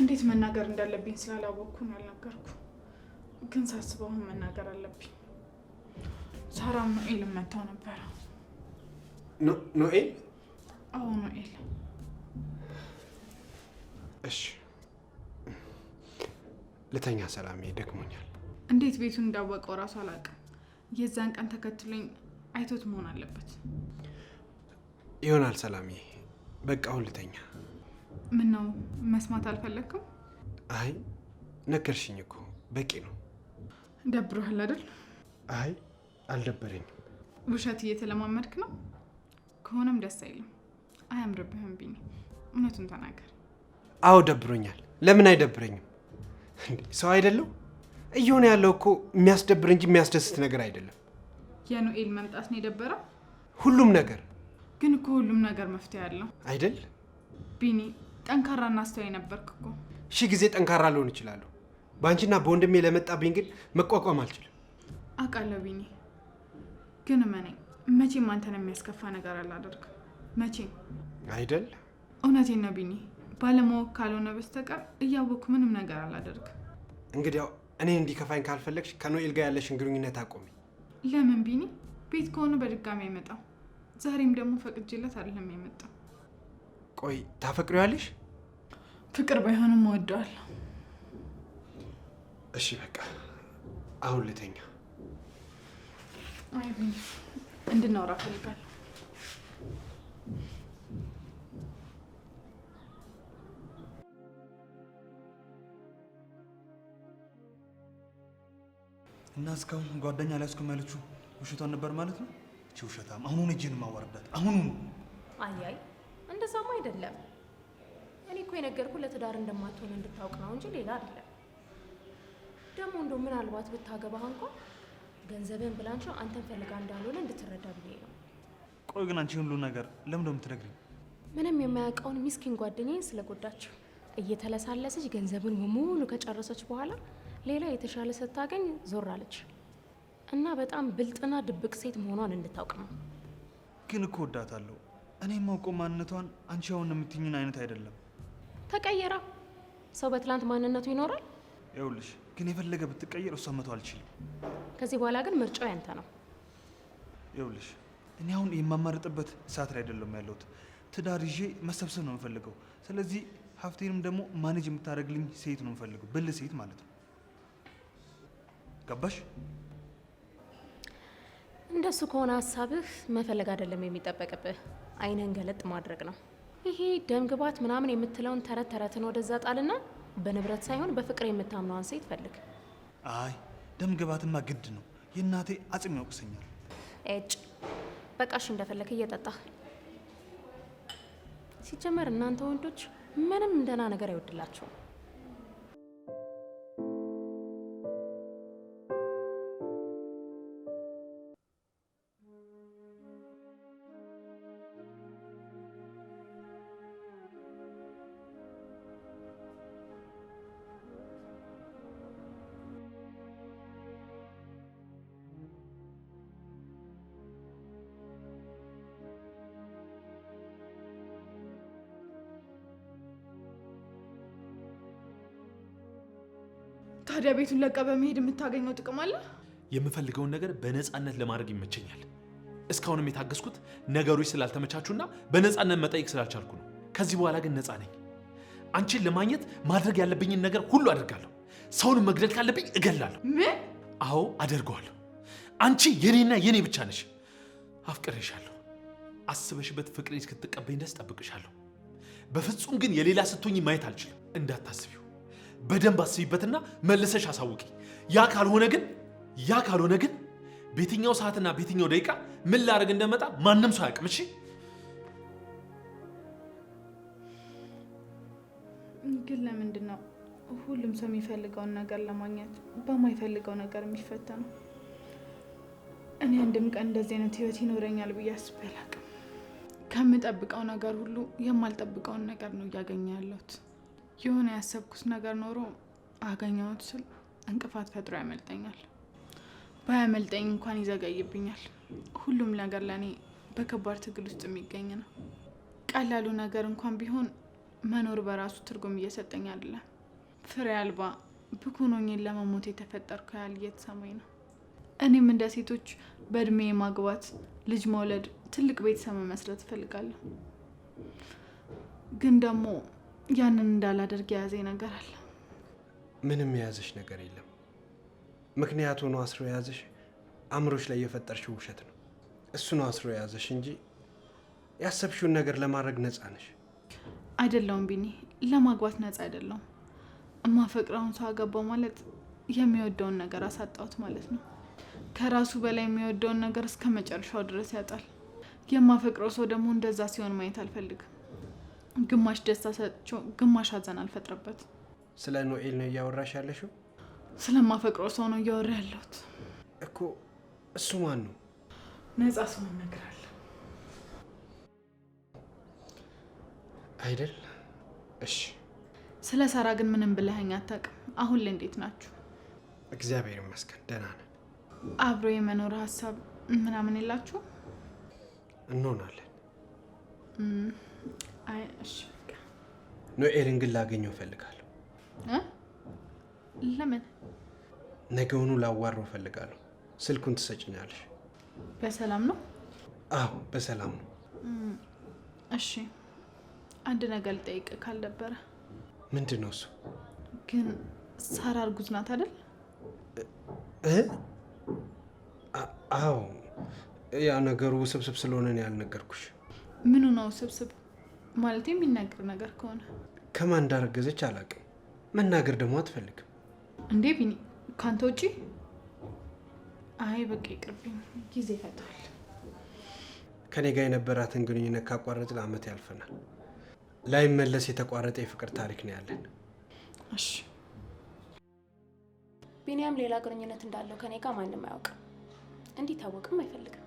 እንዴት መናገር እንዳለብኝ ስላላወቅኩኝ ያልነገርኩ። ግን ሳስበውን መናገር አለብኝ። ሳራም ኖኤል መታው ነበረ። ኖኤል? አዎ ኖኤል። እሺ ልተኛ ሰላሜ፣ ደክሞኛል። እንዴት ቤቱን እንዳወቀው እራሱ አላውቅም። የዛን ቀን ተከትሎኝ አይቶት መሆን አለበት ይሆናል። ሰላሜ፣ በቃ አሁን ልተኛ። ምን ነው መስማት አልፈለግክም? አይ ነገርሽኝ እኮ በቂ ነው። ደብሮሃል አይደል? አይ አልደበረኝም። ውሸት እየተለማመድክ ነው። ከሆነም ደስ አይልም፣ አያምርብህም። ቢኒ እውነቱን ተናገር። አዎ ደብሮኛል። ለምን አይደብረኝም? ሰው አይደለው? እየሆነ ያለው እኮ የሚያስደብር እንጂ የሚያስደስት ነገር አይደለም። የኑኤል መምጣት ነው የደበረው ሁሉም ነገር ግን እኮ ሁሉም ነገር መፍትሄ አለው አይደል ቢኒ? ጠንካራና አስተዋይ ነበርክ እኮ። ሺህ ጊዜ ጠንካራ ልሆን እችላለሁ፣ በአንቺና በወንድሜ ለመጣብኝ ግን መቋቋም አልችልም። አውቃለሁ ቢኒ፣ ግን እመነኝ፣ መቼም አንተን የሚያስከፋ ነገር አላደርግም። መቼም አይደል? እውነቴን ነው ቢኒ፣ ባለማወቅ ካልሆነ በስተቀር እያወቅኩ ምንም ነገር አላደርግም። እንግዲያው እኔን እንዲከፋኝ ካልፈለግሽ ከኖኤል ጋር ያለሽን ግንኙነት አቆሚ። ለምን ቢኒ? ቤት ከሆነ በድጋሚ አይመጣም። ዛሬም ደግሞ ፈቅጄለት አይደለም የመጣው። ቆይ ታፈቅሪዋለሽ? ፍቅር ባይሆንም እወደዋለሁ። እሺ በቃ አሁን ልተኛ። አይ እንድናወራ እና እስካሁን ጓደኛ ላይ ያለችው ውሸቷን ነበር ማለት ነው። እቺ ውሸታም አሁኑን እጅን ማዋርዳት አሁኑ አያይ አይ አይደለም እኔ እኮ የነገርኩ ለትዳር እንደማትሆን እንድታውቅ ነው እንጂ ሌላ አይደለም። ደግሞ እንደው ምናልባት ብታገባህ እንኳን ገንዘብን ብላንቸው አንተን ፈልጋ እንዳልሆነ እንድትረዳ ብዬ ነው። ቆይ ግን አንቺ ሁሉ ነገር ለምን ነው የምትነግሪኝ? ምንም የማያውቀውን ሚስኪን ጓደኛዬን ስለጎዳችው እየተለሳለሰች ገንዘብን በሙሉ ከጨረሰች በኋላ ሌላ የተሻለ ስታገኝ ዞር አለች እና በጣም ብልጥና ድብቅ ሴት መሆኗን እንድታውቅ ነው። ግን እኮ ወዳታለሁ። እኔ የማውቀው ማንነቷን አንቺ አሁን የምትኝን አይነት አይደለም። ተቀየራ። ሰው በትላንት ማንነቱ ይኖራል። ይኸውልሽ ግን የፈለገ ብትቀየር እሷ መቶ አልችልም። ከዚህ በኋላ ግን ምርጫው ያንተ ነው። ይኸውልሽ እኔ አሁን የማማርጥበት ሰዓት ላይ አይደለም ያለሁት። ትዳር ይዤ መሰብሰብ ነው የምፈልገው። ስለዚህ ሀብቴንም ደግሞ ማኔጅ የምታደርግልኝ ሴት ነው የምፈልገው፣ ብል ሴት ማለት ነው። ገባሽ? እንደሱ ከሆነ ሀሳብህ መፈለግ አይደለም የሚጠበቅብህ፣ አይንህን ገለጥ ማድረግ ነው። ይሄ ደምግባት ምናምን የምትለውን ተረት ተረትን ወደዛ ጣልና በንብረት ሳይሆን በፍቅር የምታምነዋን ሴት ፈልግ። አይ ደምግባትማ ግድ ነው። የእናቴ አጽም ያውቅሰኛል። እጭ በቃሽ፣ እንደፈለክ እየጠጣ ሲጀመር እናንተ ወንዶች ምንም ደህና ነገር አይወድላቸውም። ታዲያ ቤቱን ለቃ በመሄድ የምታገኘው ጥቅም አለ? የምፈልገውን ነገር በነፃነት ለማድረግ ይመቸኛል። እስካሁንም የታገስኩት ነገሮች ስላልተመቻቹና በነፃነት መጠየቅ ስላልቻልኩ ነው። ከዚህ በኋላ ግን ነፃ ነኝ። አንቺን ለማግኘት ማድረግ ያለብኝን ነገር ሁሉ አድርጋለሁ። ሰውንም መግደል ካለብኝ እገላለሁ። ምን? አዎ አደርገዋለሁ። አንቺ የኔና የኔ ብቻ ነሽ። አፍቅሬሻለሁ። አስበሽበት ፍቅሬ እስክትቀበኝ ድረስ ጠብቅሻለሁ። በፍጹም ግን የሌላ ስትሆኝ ማየት አልችልም። እንዳታስቢ በደንብ አስቢበትና መልሰሽ አሳውቂ። ያ ካልሆነ ግን ያ ካልሆነ ግን በየትኛው ሰዓትና በየትኛው ደቂቃ ምን ላደርግ እንደመጣ ማንም ሰው አያውቅም። እሺ ግን ለምንድን ነው ሁሉም ሰው የሚፈልገውን ነገር ለማግኘት በማይፈልገው ነገር የሚፈተነው? እኔ አንድም ቀን እንደዚህ አይነት ህይወት ይኖረኛል ብዬ አስቤ አላውቅም። ከምጠብቀው ነገር ሁሉ የማልጠብቀውን ነገር ነው እያገኘ ያለሁት። የሆነ ያሰብኩት ነገር ኖሮ አገኘሁት ስል እንቅፋት ፈጥሮ ያመልጠኛል። ባያመልጠኝ እንኳን ይዘገይብኛል። ሁሉም ነገር ለእኔ በከባድ ትግል ውስጥ የሚገኝ ነው። ቀላሉ ነገር እንኳን ቢሆን መኖር በራሱ ትርጉም እየሰጠኝ አይደለም። ፍሬ አልባ ብኩኖኝን ለመሞት የተፈጠርኩ ያህል እየተሰማኝ ነው። እኔም እንደ ሴቶች በእድሜ ማግባት፣ ልጅ መውለድ፣ ትልቅ ቤተሰብ መመስረት እፈልጋለሁ ግን ደግሞ ያንን እንዳላደርግ የያዘ ነገር አለ። ምንም የያዘሽ ነገር የለም። ምክንያቱ ነው አስሮ የያዘሽ አእምሮሽ ላይ የፈጠርሽው ውሸት ነው። እሱ ነው አስሮ የያዘሽ እንጂ ያሰብሽውን ነገር ለማድረግ ነፃ ነሽ። አይደለውም ቢኒ፣ ለማግባት ነፃ አይደለውም። እማፈቅረውን ሰው አገባው ማለት የሚወደውን ነገር አሳጣሁት ማለት ነው። ከራሱ በላይ የሚወደውን ነገር እስከ መጨረሻው ድረስ ያጣል። የማፈቅረው ሰው ደግሞ እንደዛ ሲሆን ማየት አልፈልግም። ግማሽ ደስታ ሰጥቼው ግማሽ ሀዘን አልፈጥረበት። ስለ ኖኤል ነው እያወራሽ ያለሽው? ስለማፈቅረው ሰው ነው እያወራ ያለሁት እኮ። እሱ ማን ነው? ነፃ ሰው እነግራለሁ አይደል? እሺ። ስለ ሰራ ግን ምንም ብለኸኝ አታውቅም። አሁን ላይ እንዴት ናችሁ? እግዚአብሔር ይመስገን ደህና ነን። አብሮ የመኖር ሀሳብ ምናምን የላችሁ? እንሆናለን ኖኤልን ግን ላገኘው እፈልጋለሁ። ለምን? ነገውኑ ላዋረው እፈልጋለሁ። ስልኩን ትሰጭኛለሽ? በሰላም ነው? አዎ በሰላም ነው። እሺ አንድ ነገር ልጠይቅ ካልነበረ። ምንድን ነው እሱ? ግን ሳራ እርጉዝ ናት አይደል? አዎ ያ ነገሩ ውስብስብ ስለሆነ ነው ያልነገርኩሽ። ምኑ ነው ውስብስብ? ማለት የሚናገር ነገር ከሆነ ከማን እንዳረገዘች አላውቅም። መናገር ደግሞ አትፈልግም እንዴ ቢኒ? ከአንተ ውጪ አይ በቃ ይቅርብኝ፣ ጊዜ ይፈታል። ከኔ ጋር የነበራትን ግንኙነት ካቋረጥ ለአመት ያልፈናል። ላይመለስ የተቋረጠ የፍቅር ታሪክ ነው ያለን። እሺ ቢኒያም ሌላ ግንኙነት እንዳለው ከኔ ጋር ማንም አያውቅም፣ እንዲታወቅም አይፈልግም።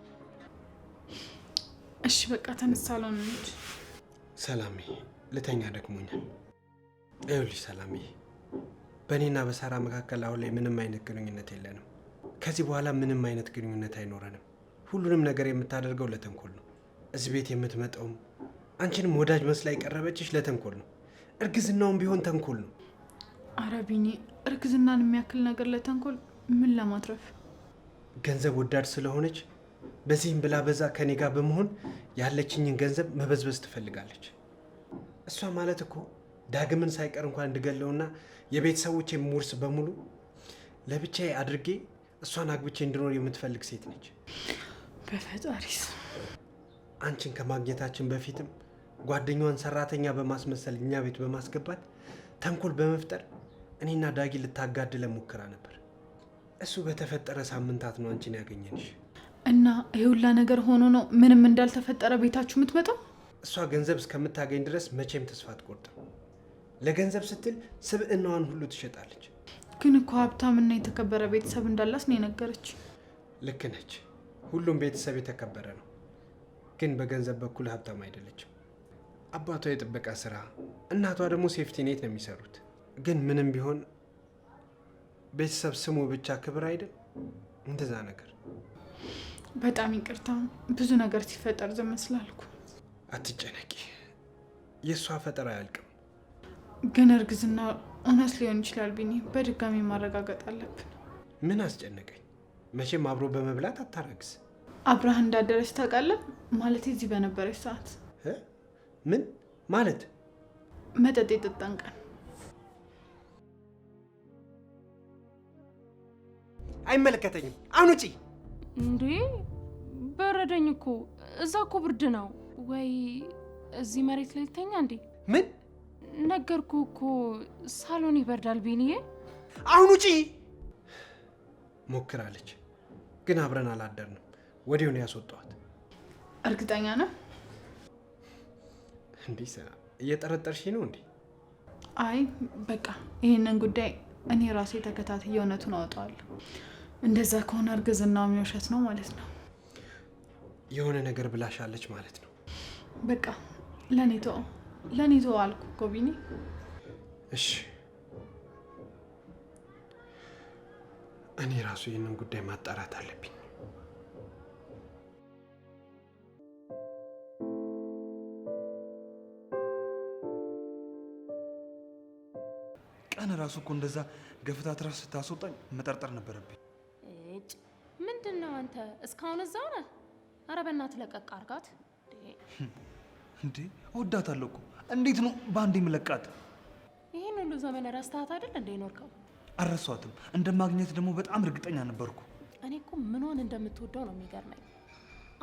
እሺ በቃ ተነሳ ለሆነች ሰላሜ ልተኛ ደክሞኛል። ይኸውልሽ ሰላሜ፣ በእኔና በሳራ መካከል አሁን ላይ ምንም አይነት ግንኙነት የለንም። ከዚህ በኋላ ምንም አይነት ግንኙነት አይኖረንም። ሁሉንም ነገር የምታደርገው ለተንኮል ነው። እዚህ ቤት የምትመጣውም አንቺንም ወዳጅ መስላ የቀረበችሽ ለተንኮል ነው። እርግዝናውም ቢሆን ተንኮል ነው። አረ ቢኒ፣ እርግዝናን የሚያክል ነገር ለተንኮል ምን ለማትረፍ ገንዘብ ወዳድ ስለሆነች በዚህም ብላ በዛ ከኔ ጋር በመሆን ያለችኝን ገንዘብ መበዝበዝ ትፈልጋለች። እሷ ማለት እኮ ዳግምን ሳይቀር እንኳን እንድገለውና የቤተሰቦች ውርስ በሙሉ ለብቻ አድርጌ እሷን አግብቼ እንድኖር የምትፈልግ ሴት ነች። በፈጣሪስ አንቺን ከማግኘታችን በፊትም ጓደኛዋን ሰራተኛ በማስመሰል እኛ ቤት በማስገባት ተንኮል በመፍጠር እኔና ዳጊ ልታጋድለ ሞክራ ነበር። እሱ በተፈጠረ ሳምንታት ነው አንቺን ያገኘንሽ። እና ይሄ ሁላ ነገር ሆኖ ነው ምንም እንዳልተፈጠረ ቤታችሁ የምትመጣው? እሷ ገንዘብ እስከምታገኝ ድረስ መቼም ተስፋ አትቆርጥም። ለገንዘብ ስትል ስብዕናዋን ሁሉ ትሸጣለች። ግን እኮ ሀብታምና የተከበረ ቤተሰብ እንዳላስ ነው የነገረች። ልክ ነች። ሁሉም ቤተሰብ የተከበረ ነው፣ ግን በገንዘብ በኩል ሀብታም አይደለችም። አባቷ የጥበቃ ስራ፣ እናቷ ደግሞ ሴፍቲ ኔት ነው የሚሰሩት። ግን ምንም ቢሆን ቤተሰብ ስሙ ብቻ ክብር አይደል? እንደዛ ነገር በጣም ይቅርታ፣ ብዙ ነገር ሲፈጠር ዝም ስላልኩ። አትጨነቂ፣ የእሷ ፈጠራ አያልቅም። ግን እርግዝና እውነት ሊሆን ይችላል ቢኒ፣ በድጋሚ ማረጋገጥ አለብን። ምን አስጨነቀኝ? መቼም አብሮ በመብላት አታረግዝ። አብረህ እንዳደረች ታውቃለህ? ማለት እዚህ በነበረች ሰዓት ምን ማለት መጠጥ የጠጣን ቀን አይመለከተኝም። አሁን ውጪ እንዴ በረደኝ እኮ እዛ እኮ ብርድ ነው። ወይ እዚህ መሬት ላይ ልተኛ እንዴ? ምን ነገርኩ እኮ ሳሎን ይበርዳል። ቢንዬ አሁን ውጪ ሞክራለች፣ ግን አብረን አላደርንም። ወዲሁን ያስወጣዋት። እርግጠኛ ነው እንዴ? እየጠረጠርሽ ነው እንዴ? አይ በቃ ይህንን ጉዳይ እኔ ራሴ ተከታትዬ እውነቱን አወጣዋለሁ። እንደዛ ከሆነ እርግዝና የሚውሸት ነው ማለት ነው። የሆነ ነገር ብላሻለች ማለት ነው። በቃ ለኔ ተው፣ ለኔ ተው አልኩ እኮ ቢኒ። እሺ እኔ ራሱ ይህንን ጉዳይ ማጣራት አለብኝ። ቀን ራሱ እኮ እንደዛ ገፍታት ራስ ስታስወጣኝ መጠርጠር ነበረብኝ። አንተ እስካሁን እዛው ነህ? ኧረ ትለቀቅ ለቀቅ እንዴ! እወዳታለሁ እኮ እንዴት ነው በአንድ የምለቃት? ይህን ሁሉ ዘመን ረስተሃት አይደል እንደ አረሷትም እንደ እንደማግኘት ደግሞ በጣም እርግጠኛ ነበርኩ። እኔ እኮ ምንሆን እንደምትወደው ነው የሚገርመኝ።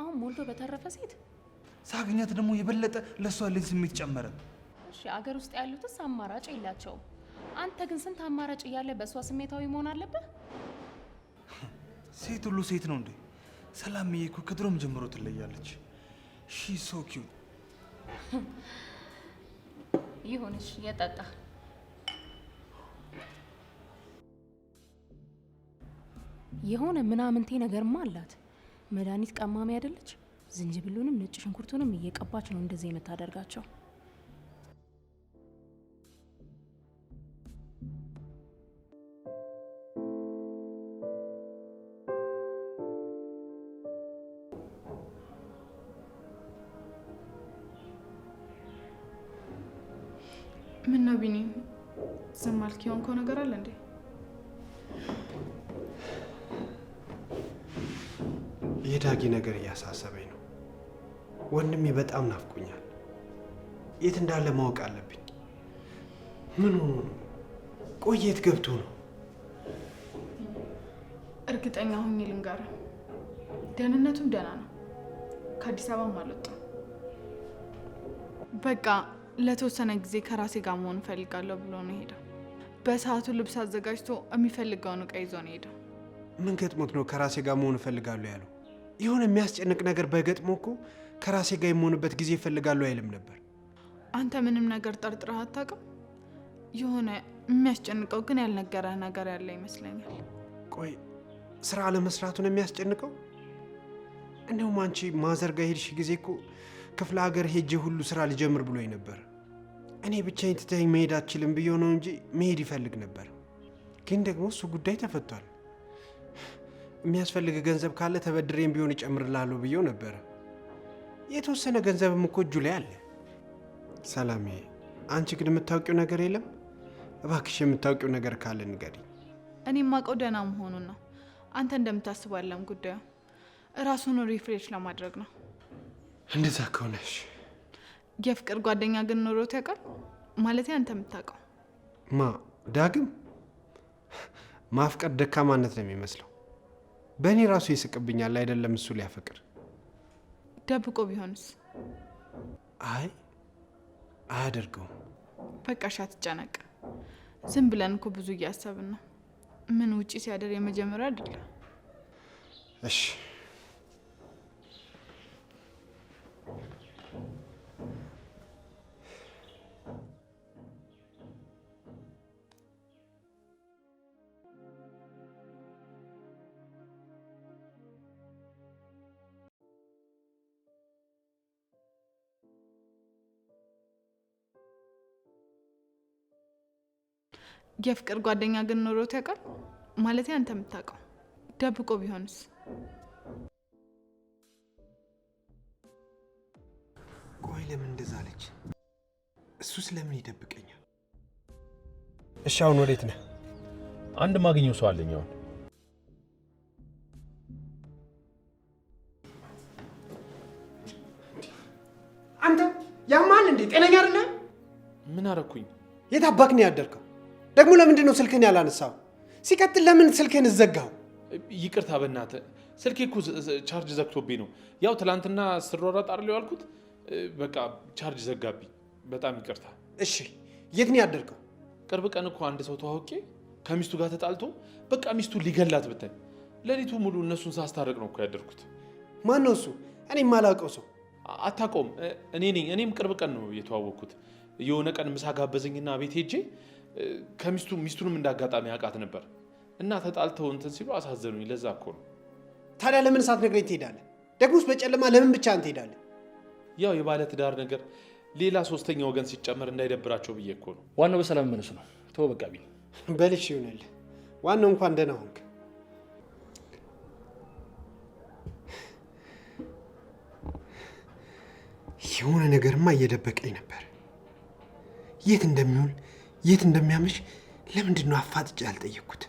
አሁን ሞልቶ በተረፈ ሴት ሳግኛት ደግሞ የበለጠ ለእሷ ያለኝ ስሜት ጨመረ። እሺ አገር ውስጥ ያሉትስ አማራጭ የላቸውም። አንተ ግን ስንት አማራጭ እያለ በእሷ ስሜታዊ መሆን አለብህ? ሴት ሁሉ ሴት ነው እንዴ? ሰላምዬ እኮ ከድሮም ጀምሮ ትለያለች። ሺ ሶ ኪዩት። ይሁንሽ፣ የጠጣ የሆነ ምናምንቴ ነገርማ አላት። መድኃኒት ቀማሚ አይደለች? ዝንጅብሉንም ነጭ ሽንኩርቱንም እየቀባች ነው እንደዚህ የምታደርጋቸው። በጣም ናፍቆኛል። የት እንዳለ ማወቅ አለብኝ። ምን ሆኖ ቆየት ገብቶ ነው? እርግጠኛ ሆኜ ልንገርህ፣ ደህንነቱም ደህና ነው። ከአዲስ አበባም አልወጣም። በቃ ለተወሰነ ጊዜ ከራሴ ጋር መሆን እፈልጋለሁ ብሎ ነው ሄደው። በሰዓቱ ልብስ አዘጋጅቶ የሚፈልገውን እቃ ይዞ ነው ሄደው። ምን ገጥሞት ነው ከራሴ ጋር መሆን እፈልጋለሁ ያለው? የሆነ የሚያስጨንቅ ነገር በገጥሞ እኮ ከራሴ ጋር የምሆንበት ጊዜ ይፈልጋሉ አይልም ነበር። አንተ ምንም ነገር ጠርጥረህ አታውቅም። የሆነ የሚያስጨንቀው ግን ያልነገረህ ነገር ያለ ይመስለኛል። ቆይ ስራ አለመስራቱን የሚያስጨንቀው? እንደውም አንቺ ማዘር ጋር ሄድሽ ጊዜ እኮ ክፍለ ሀገር ሄጄ ሁሉ ስራ ልጀምር ብሎኝ ነበር። እኔ ብቻዬን ትተኸኝ መሄድ አትችልም ብዬ ነው እንጂ መሄድ ይፈልግ ነበር። ግን ደግሞ እሱ ጉዳይ ተፈቷል። የሚያስፈልግ ገንዘብ ካለ ተበድሬም ቢሆን ይጨምርላለሁ ብዬው ነበር። የተወሰነ ገንዘብም እኮ እጁ ላይ አለ። ሰላሜ፣ አንቺ ግን የምታውቂው ነገር የለም? እባክሽ የምታውቂው ነገር ካለ ንገሪኝ። እኔ የማውቀው ደህና መሆኑን ነው። አንተ እንደምታስባለም አለም ጉዳዩ እራሱን ሪፍሬሽ ለማድረግ ነው። እንደዛ ከሆነሽ የፍቅር ጓደኛ ግን ኖሮት ያውቃል ማለት? አንተ የምታውቀው ማ ዳግም ማፍቀር ደካማነት ነው የሚመስለው። በእኔ ራሱ ይስቅብኛል አይደለም እሱ ሊያፈቅር ደብቆ ቢሆንስ? አይ አያደርገውም። በቃ ሻ ትጨነቅ። ዝም ብለን እኮ ብዙ እያሰብን ነው። ምን ውጪ ሲያደር የመጀመሪያ አይደለም። እሺ የፍቅር ጓደኛ ግን ኖሮት ያውቃል? ማለት አንተ የምታውቀው ደብቆ ቢሆንስ? ቆይ ለምን እንደዛ አለች? እሱስ ለምን ይደብቀኛል? እሺ አሁን ወዴት ነህ? አንድ ማግኘው ሰው አለኝ። አሁን አንተ ያማል እንዴ? ጤነኛ አይደለ? ምን አረኩኝ? የት አባክ ነው ያደርከው? ደግሞ ለምንድን ነው ስልክን ያላነሳው? ሲቀጥል ለምን ስልክን ዘጋው? ይቅርታ በእናትህ ስልኬ እኮ ቻርጅ ዘግቶብኝ ነው። ያው ትላንትና ስሮራጥ አርሌው ያልኩት በቃ ቻርጅ ዘጋብኝ። በጣም ይቅርታ። እሺ የት ነው ቅርብ ቀን እኮ አንድ ሰው ተዋውቄ ከሚስቱ ጋር ተጣልቶ በቃ ሚስቱ ሊገላት ብትን ሌሊቱ ሙሉ እነሱን ሳስታረቅ ነው እኮ ያደርኩት። ማን ነው እሱ? እኔም አላውቀው ሰው። አታውቀውም? እኔ ነኝ። እኔም ቅርብ ቀን ነው የተዋወቅኩት። የሆነ ቀን ምሳ ጋበዘኝና ቤት ሄጄ ከሚስቱ ሚስቱንም እንዳጋጣሚ ያውቃት ነበር እና ተጣልተው እንትን ሲሉ አሳዘኑኝ። ለዛ እኮ ነው። ታዲያ ለምን ሳትነግረኝ ትሄዳለህ? ደግሞስ በጨለማ ለምን ብቻ ብቻህን ትሄዳለህ? ያው የባለ ትዳር ነገር ሌላ ሶስተኛ ወገን ሲጨመር እንዳይደብራቸው ብዬ እኮ ነው። ዋናው በሰላም መነሱ ነው። ተወ በቃ ቢል በልሽ ይሆናል። ዋናው እንኳን ደህና ሆንክ። የሆነ ነገርማ እየደበቀኝ ነበር፣ የት እንደሚውል የት እንደሚያመሽ ለምንድን ነው አፋጥጬ ያልጠየቅኩት?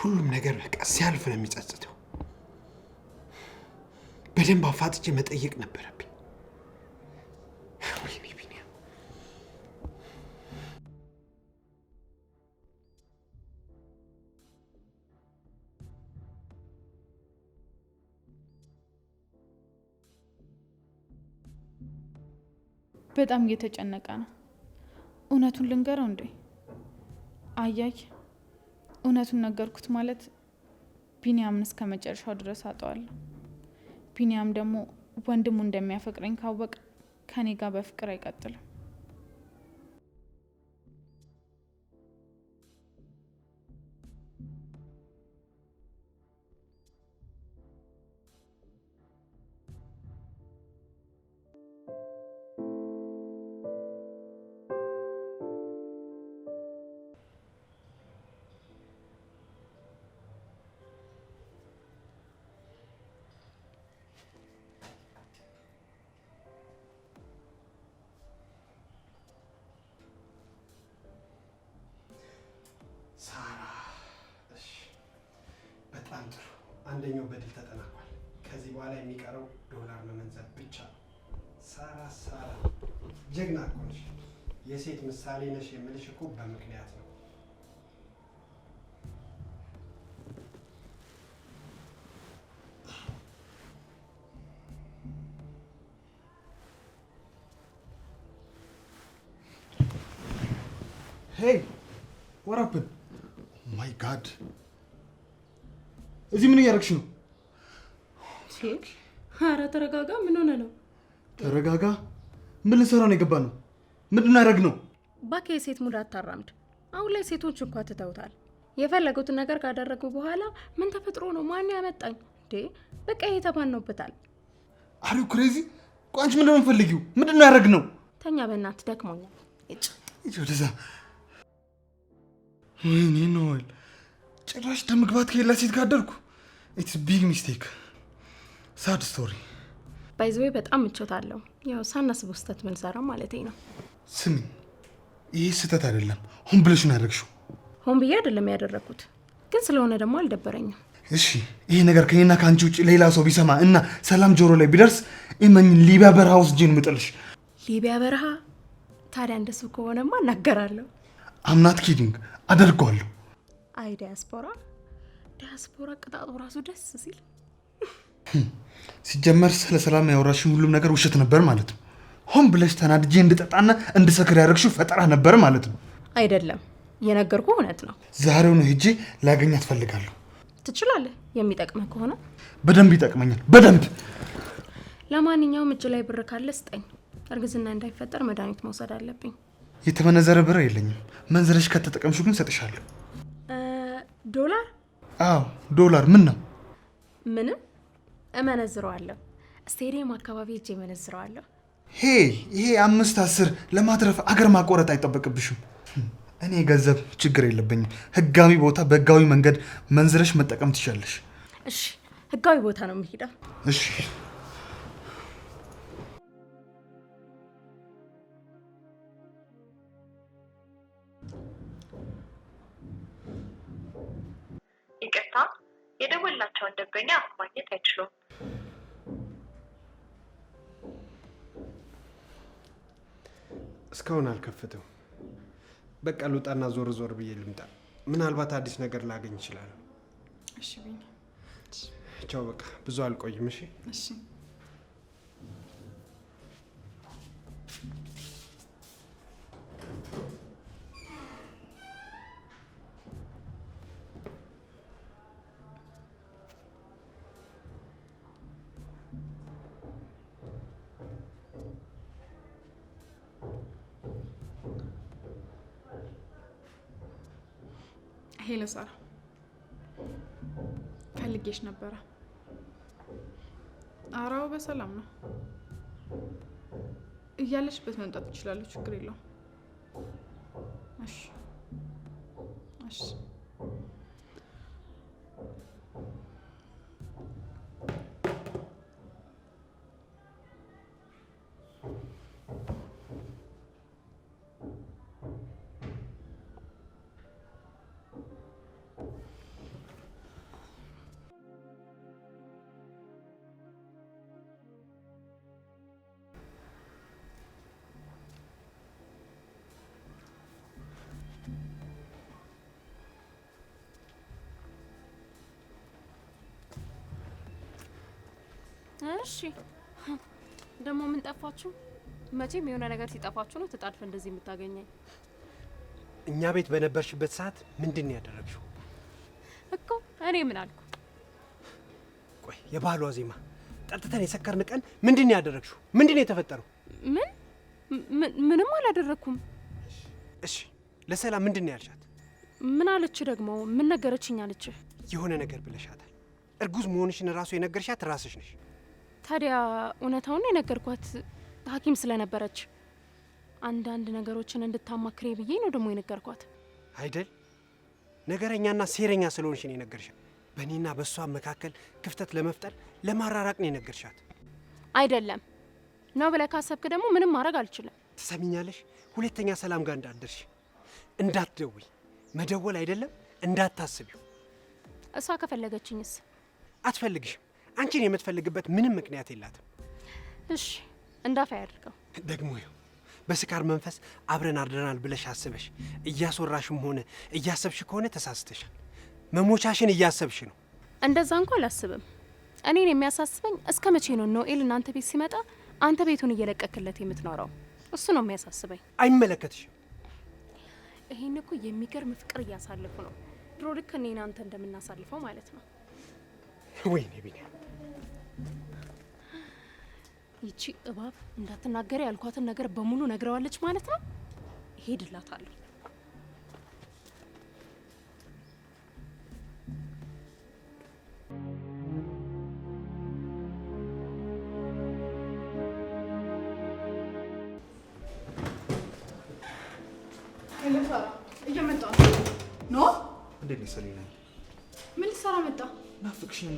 ሁሉም ነገር በቃ ሲያልፍ ነው የሚጸጽተው። በደንብ አፋጥጬ መጠየቅ ነበረብኝ። በጣም እየተጨነቀ ነው። እውነቱን ልንገረው እንዴ? አያይ እውነቱን ነገርኩት ማለት ቢንያምን እስከ መጨረሻው ድረስ አጠዋለሁ። ቢንያም ደግሞ ወንድሙ እንደሚያፈቅረኝ ካወቅ ከኔ ጋር በፍቅር አይቀጥልም። በኋላ የሚቀረው ዶላር መመንዘብ ብቻ ነው። ሳራ ሳራ ጀግና እኮ ነሽ። የሴት ምሳሌ ነሽ። የምልሽ እኮ በምክንያት ነው። ሄይ ወራፕን ማይ ጋድ እዚህ ምን እያደረግሽ ነው? ኧረ ተረጋጋ። ምን ሆነ ነው? ተረጋጋ። ምን ልሰራ ነው የገባ ነው? ምንድን ያደረግ ነው? እባክህ የሴት ሙድ አታራምድ። አሁን ላይ ሴቶች እንኳ ትተውታል። የፈለጉትን ነገር ካደረጉ በኋላ ምን ተፈጥሮ ነው? ማን ያመጣኝ እንዴ? በቃ የተባነውበታል። አሪው ክሬዚ። ቆይ አንቺ ምንድን ነው የምትፈልጊው? ምንድን ነው ያደረግ ነው? ተኛ በእናትህ ደክሞኛል። ወይኔ ነዋል ጭራሽ ደምግባት ከሌላ ሴት ጋር አደርኩ። ኢትስ ቢግ ሚስቴክ ሳድ ስቶሪ ባይዘዌ በጣም ምቾት አለው። ያው ሳናስበው ስህተት ምንሰራ ማለት ነው። ስሚ ይህ ስህተት አይደለም፣ ሆን ብለሽ ነው ያደረግሽው። ሆን ብዬ አይደለም ያደረግኩት፣ ግን ስለሆነ ደግሞ አልደበረኝም። እሺ ይሄ ነገር ከኔና ከአንቺ ውጭ ሌላ ሰው ቢሰማ እና ሰላም ጆሮ ላይ ቢደርስ እመኝ ሊቢያ በረሃ ውስጥ ጅን ምጥልሽ። ሊቢያ በረሃ? ታዲያ እንደሱ ከሆነማ እናገራለሁ። አምናት ኪዲንግ አደርገዋለሁ። አይ ዲያስፖራ ዲያስፖራ ቅጣቱ ራሱ ደስ ሲል ሲጀመር ስለ ሰላም ያወራሽኝ ሁሉም ነገር ውሸት ነበር ማለት ነው። ሆን ብለሽ ተናድጄ እንድጠጣና እንድሰክር ያደረግሽው ፈጠራ ነበር ማለት ነው። አይደለም፣ የነገርኩ እውነት ነው። ዛሬውኑ ሄጄ ላገኛት እፈልጋለሁ። ትችላለህ፣ የሚጠቅመ ከሆነ በደንብ ይጠቅመኛል። በደንብ ለማንኛውም እጅ ላይ ብር ካለ ስጠኝ። እርግዝና እንዳይፈጠር መድኃኒት መውሰድ አለብኝ። የተመነዘረ ብር የለኝም። መንዘረሽ ከተጠቀምሽ ግን ሰጥሻለሁ። ዶላር? አዎ ዶላር። ምን ነው ምንም እመነዝረዋለሁ። ስቴዲየም አካባቢ እጅ እመነዝረዋለሁ። ሄ ይሄ አምስት አስር ለማትረፍ አገር ማቆረጥ አይጠበቅብሽም። እኔ ገንዘብ ችግር የለብኝም። ህጋዊ ቦታ በህጋዊ መንገድ መንዝረሽ መጠቀም ትችላለሽ። እሺ፣ ህጋዊ ቦታ ነው የምሄደው። እሺ የደወላቸውን ደንበኛ ማግኘት አይችሉም። እስካሁን አልከፍትም። በቃ ልውጣና ዞር ዞር ብዬ ልምጣ። ምናልባት አዲስ ነገር ላገኝ ይችላል። ቻው። በቃ ብዙ አልቆይም። እሺ፣ እሺ። ሳራ ፈልጌሽ ነበረ። አራው በሰላም ነው እያለሽበት መምጣት ትችላለሁ። ችግር የለውም። እሺ እሺ እሺ ደግሞ ምን ጠፋችሁ? መቼም የሆነ ነገር ሲጠፋችሁ ነው ተጣድፈ እንደዚህ የምታገኘኝ። እኛ ቤት በነበርሽበት ሰዓት ምንድን ነው ያደረግሽው? እኮ እኔ ምን አልኩ? ቆይ የባህሏ ዜማ ጠጥተን የሰከርን ቀን ምንድን ነው ያደረግሽው? ምንድን ነው የተፈጠረው? ምን ምንም አላደረግኩም። እሺ ለሰላም ምንድን ነው ያልሻት? ምን አለች ደግሞ? ምን ነገረችኝ? አለች የሆነ ነገር ብለሻታል። እርጉዝ መሆንሽን ራሱ የነገርሻት ራስሽ ነሽ። ታዲያ እውነታውን የነገርኳት ሐኪም ስለነበረች አንዳንድ ነገሮችን እንድታማክሬ ብዬ ነው ደግሞ የነገርኳት። አይደል ነገረኛና ሴረኛ ስለሆንሽ ነው የነገርሻት። በእኔና በእሷ መካከል ክፍተት ለመፍጠር ለማራራቅ ነው የነገርሻት። አይደለም ነው ብለህ ካሰብክ ደግሞ ምንም ማድረግ አልችልም። ትሰሚኛለሽ? ሁለተኛ ሰላም ጋር እንዳትደርሽ፣ እንዳትደውይ። መደወል አይደለም እንዳታስቢው። እሷ ከፈለገችኝስ? አትፈልግሽም አንቺን የምትፈልግበት ምንም ምክንያት የላትም። እሺ እንዳፋ ያደርገው ደግሞ ይኸው በስካር መንፈስ አብረን አድረናል ብለሽ አስበሽ እያስወራሽም ሆነ እያሰብሽ ከሆነ ተሳስተሻል። መሞቻሽን እያሰብሽ ነው። እንደዛ እንኳ አላስብም። እኔን የሚያሳስበኝ እስከ መቼ ነው ኖኤል እናንተ ቤት ሲመጣ አንተ ቤቱን እየለቀክለት የምትኖረው? እሱ ነው የሚያሳስበኝ። አይመለከትሽም። ይሄን እኮ የሚገርም ፍቅር እያሳለፉ ነው። ድሮ ልክ እኔ አንተ እንደምናሳልፈው ማለት ነው። ወይኔ ቢኒያ ይቺ እባብ እንዳትናገር ያልኳትን ነገር በሙሉ ነግረዋለች ማለት ነው። ሄድላታለሁ። እየመጣ ምን ልትሰራ መጣ? ናፍቅሽኝ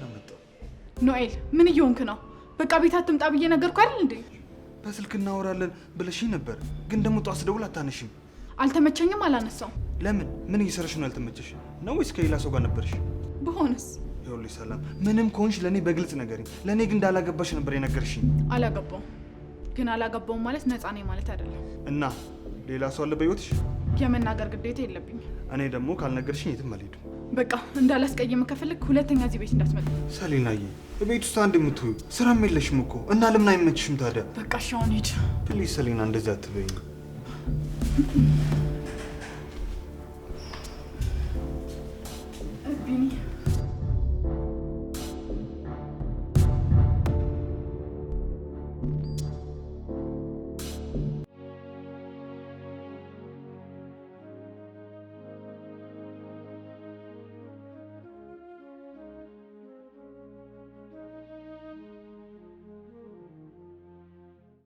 ኖኤል ምን እየሆንክ ነው? በቃ ቤት አትምጣ ብዬ ነገርኩ አይደል እንዴ? በስልክ እናወራለን ብለሽ ነበር፣ ግን ደግሞ ጧት ስደውል አታነሽም። አልተመቸኝም፣ አላነሳው። ለምን? ምን እየሰራሽ ነው ያልተመቸሽ? ነው ወይስ ከሌላ ሰው ጋር ነበርሽ? ብሆንስ? ይኸውልሽ ሰላም፣ ምንም ከሆንሽ ለእኔ በግልጽ ነገሪኝ። ለእኔ ግን እንዳላገባሽ ነበር የነገርሽኝ። አላገባውም። ግን አላገባውም ማለት ነፃ ነኝ ማለት አይደለም። እና ሌላ ሰው አለ በሕይወትሽ? የመናገር ግዴታ የለብኝም። እኔ ደግሞ ካልነገርሽኝ የትም አልሄድም። በቃ እንዳላስቀየም ከፈለግ ሁለተኛ እዚህ ቤት እንዳትመጣ ሰሊናዬ ቤት ውስጥ አንድ የምትሆዩ ስራም የለሽም እኮ እና ለምን አይመችሽም ታዲያ? በቃ ሻውን ሂድ ፕሊዝ። ሰሌና እንደዚያ አትበይኝ።